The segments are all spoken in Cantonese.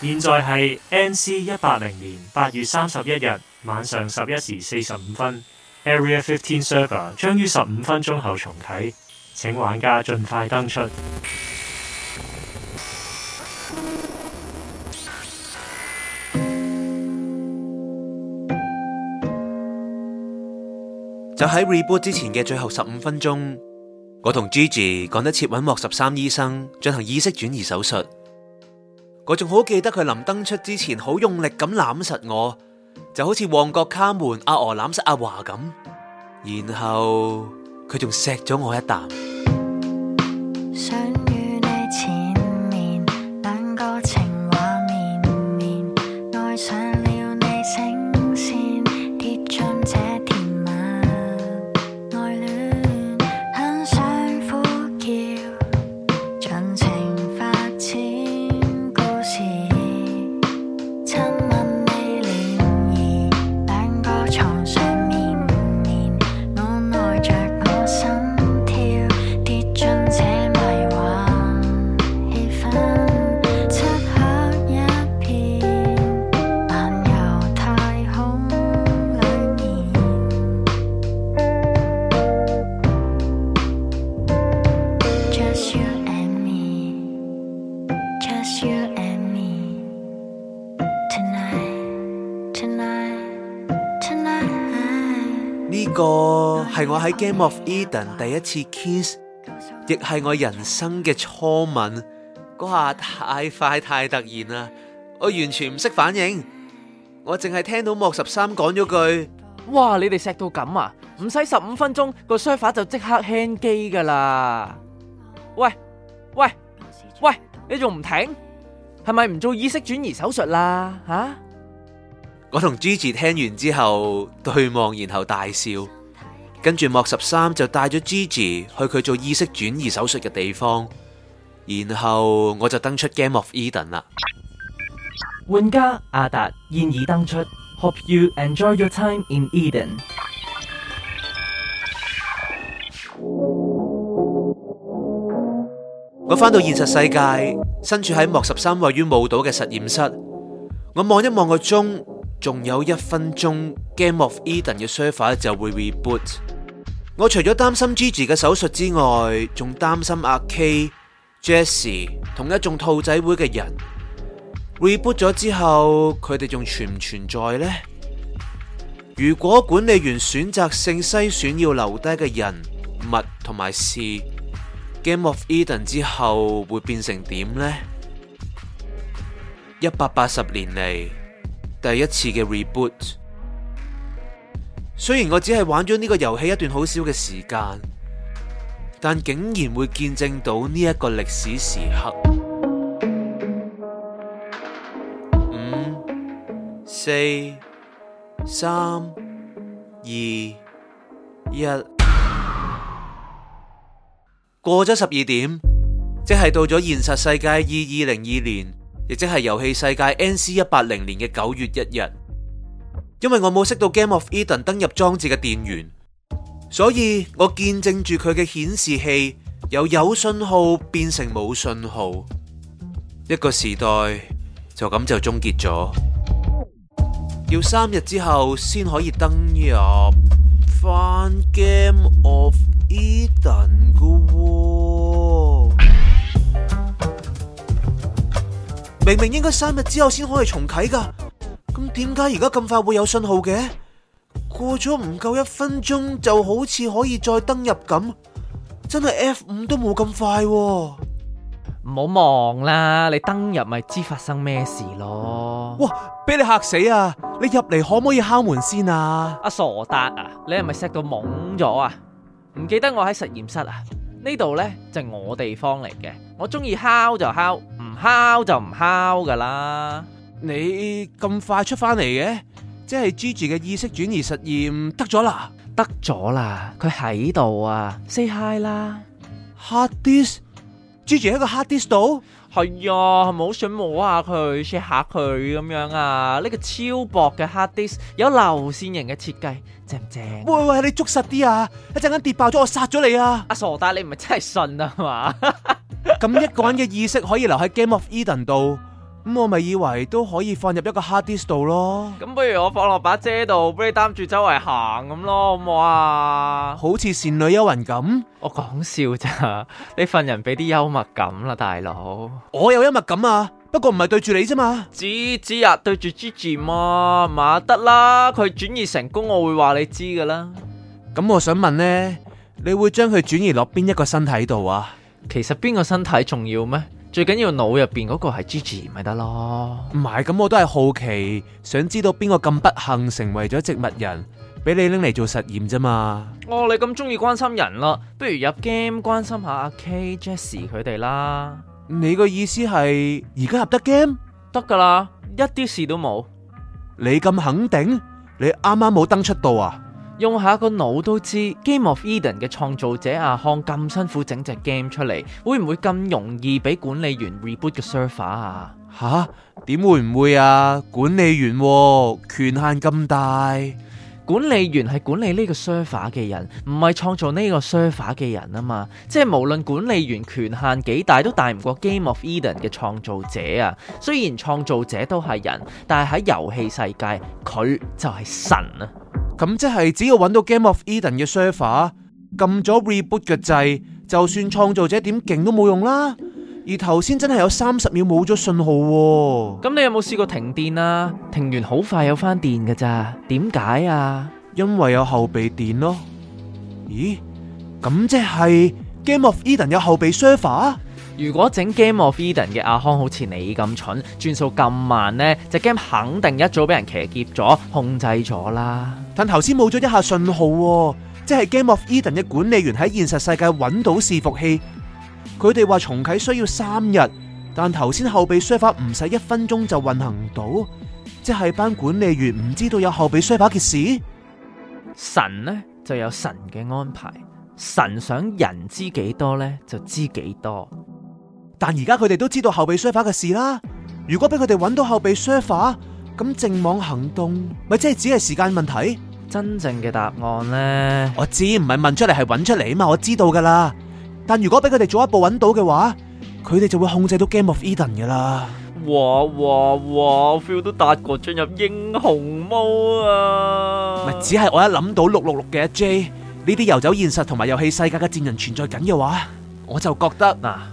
現在係 NC 180年八月三十一日晚上十一時四十五分，Area Fifteen Server 將於十五分鐘後重啟，請玩家盡快登出。就喺 Reboot 之前嘅最後十五分鐘，我同 Gigi 趕得切揾莫十三醫生進行意識轉移手術。我仲好記得佢臨登出之前，好用力咁攬實我，就好似旺角卡門阿娥攬實阿華咁，然後佢仲錫咗我一啖。係我喺 Game of Eden 第一次 kiss，亦係我人生嘅初吻。嗰下太快太突然啦，我完全唔識反應。我淨係聽到莫十三講咗句：哇，你哋錫到咁啊！唔使十五分鐘，個 server 就即刻 hang 機噶啦！喂喂喂，你仲唔停？係咪唔做意識轉移手術啦？吓、啊！我同 Gigi 聽完之後對望，然後大笑。跟住莫十三就帶咗 Gigi 去佢做意識轉移手術嘅地方，然後我就登出 Game of Eden 啦。玩家阿達現已登出，Hope you enjoy your time in Eden。我返到現實世界，身處喺莫十三位於墓島嘅實驗室，我望一望個鐘，仲有一分鐘 Game of Eden 嘅 server 就會 reboot。我除咗擔心 Gigi 嘅手術之外，仲擔心阿 K Jesse 同一眾兔仔會嘅人。Reboot 咗之後，佢哋仲存唔存在呢？如果管理員選擇性篩選要留低嘅人物同埋事，Game of Eden 之後會變成點呢？一百八十年嚟第一次嘅 Reboot。雖然我只係玩咗呢個遊戲一段好少嘅時間，但竟然會見證到呢一個歷史時刻。五、四、三、二、一，過咗十二點，即係到咗現實世界二二零二年，亦即係遊戲世界 NC 一八零年嘅九月一日。因為我冇熄到 Game of Eden 登入裝置嘅電源，所以我見證住佢嘅顯示器由有信號變成冇信號，一個時代就咁就終結咗。要三日之後先可以登入翻 Game of Eden 㗎，明明應該三日之後先可以重啟㗎。點解而家咁快會有信號嘅？過咗唔夠一分鐘就好似可以再登入咁，真係 F5 都冇咁快喎。唔好望啦，你登入咪知發生咩事咯？哇！俾你吓死啊！你入嚟可唔可以敲門先啊？阿傻達啊，你係咪錫到懵咗啊？唔記得我喺實驗室啊？呢度呢就係我地方嚟嘅，我鍾意敲就敲，唔敲就唔敲噶啦。你咁快出返嚟嘅，即係 Gigi 嘅意識轉移實驗得咗啦？得咗啦，佢喺度啊，say hi 啦，hard disk，Gigi 喺個 hard disk 度？係呀，係咪好想摸下佢，鍚下佢咁樣啊？呢個超薄嘅 hard disk 有流線型嘅設計，正唔正？喂喂，你捉實啲啊，一陣間跌爆咗我殺咗你啊！阿傻達，你唔係真係信啊嘛？咁一個人嘅意識可以留喺 Game of Eden 度。咁我咪以為都可以放入一個 hard disk 度咯。咁不如我放落把遮度，俾你擔住周圍行咁咯，好唔好啊？好似倩女幽魂咁。我講笑咋。你份人俾啲幽默感啦，大佬。我有幽默感啊，不過唔係對住你啫嘛。知知呀，對住 Gigi 嘛，得啦。佢轉移成功，我會話你知噶啦。咁我想問呢，你會將佢轉移落邊一個身體度啊？其實邊個身體重要咩？最緊要腦入邊嗰個係 Gigi 咪得咯？唔係咁，我都係好奇，想知道邊個咁不幸成為咗植物人，俾你拎嚟做實驗啫嘛？哦，你咁中意關心人啦，不如入 game 關心下阿 K、Jesse 佢哋啦。你個意思係而家入得 game？得噶啦，一啲事都冇。你咁肯定？你啱啱冇登出到啊？用下個腦都知，Game of Eden 嘅創造者阿康咁辛苦整隻 game 出嚟，會唔會咁容易俾管理員 reboot 嘅 server 啊？吓、啊，點會唔會啊？管理員、喎、權限咁大，管理員係管理呢個 server 嘅人，唔係創造呢個 server 嘅人啊嘛。即係無論管理員權限幾大，都大唔過 Game of Eden 嘅創造者啊。雖然創造者都係人，但係喺遊戲世界，佢就係神啊！咁即係只要搵到 Game of Eden 嘅 server，撳咗 reboot 嘅掣，就算創造者點勁都冇用啦。而頭先真係有三十秒冇咗信號喎。咁你有冇試過停電啊？停完好快有返電㗎咋？點解啊？因為有後備電咯。咦？咁即係 Game of Eden 有後備 server？如果整 Game of Eden 嘅阿康好似你咁蠢，轉數咁慢呢，隻 game 肯定一早俾人騎劫咗、控制咗啦。但頭先冇咗一下信號，哦，即係 Game of Eden 嘅管理員喺現實世界揾到伺服器，佢哋話重啟需要三日，但頭先後備 server 唔使一分鐘就運行到，即係班管理員唔知道有後備 server 嘅事。神呢就有神嘅安排，神想人知幾多呢，就知幾多。但而家佢哋都知道後備 server 嘅事啦。如果俾佢哋揾到後備 server，咁淨網行動咪即係只係時間問題。真正嘅答案呢？我知唔係問出嚟係揾出嚟啊嘛。我知道噶啦。但如果俾佢哋早一步揾到嘅話，佢哋就會控制到 Game of Eden 噶啦。哇哇哇，我 feel 到達哥進入英雄 mode 啊！咪只係我一諗到六六六嘅 J 呢啲遊走現實同埋遊戲世界嘅戰人存在緊嘅話，我就覺得嗱。啊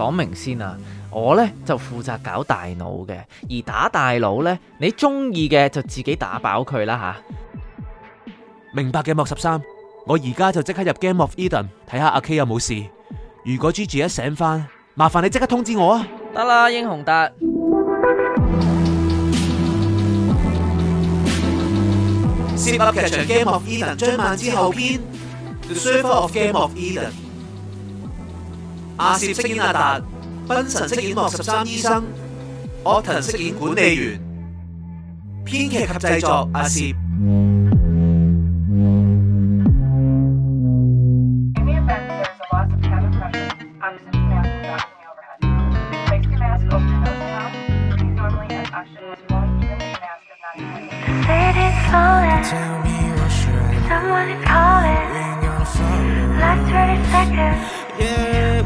講明先啊，我呢就負責搞大腦嘅，而打大腦呢，你中意嘅就自己打爆佢啦吓。明白嘅莫十三，我而家就即刻入 Game of Eden 睇下阿 K 有冇事。如果 Gigi 一醒翻，麻煩你即刻通知我啊。得啦，英雄達。Zip 噏劇場 Game of Eden 張蔓姿後篇。The server of Game of Eden。阿攝飾演阿達，賓神飾演莫十三醫生，阿騰飾演管理員。編劇及製作阿攝。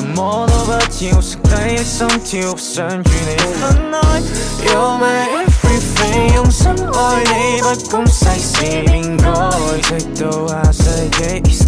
什麼都不要，剩低的心跳，不想與你分開。You're my everything，用心愛你不管世事變改。直到下世紀。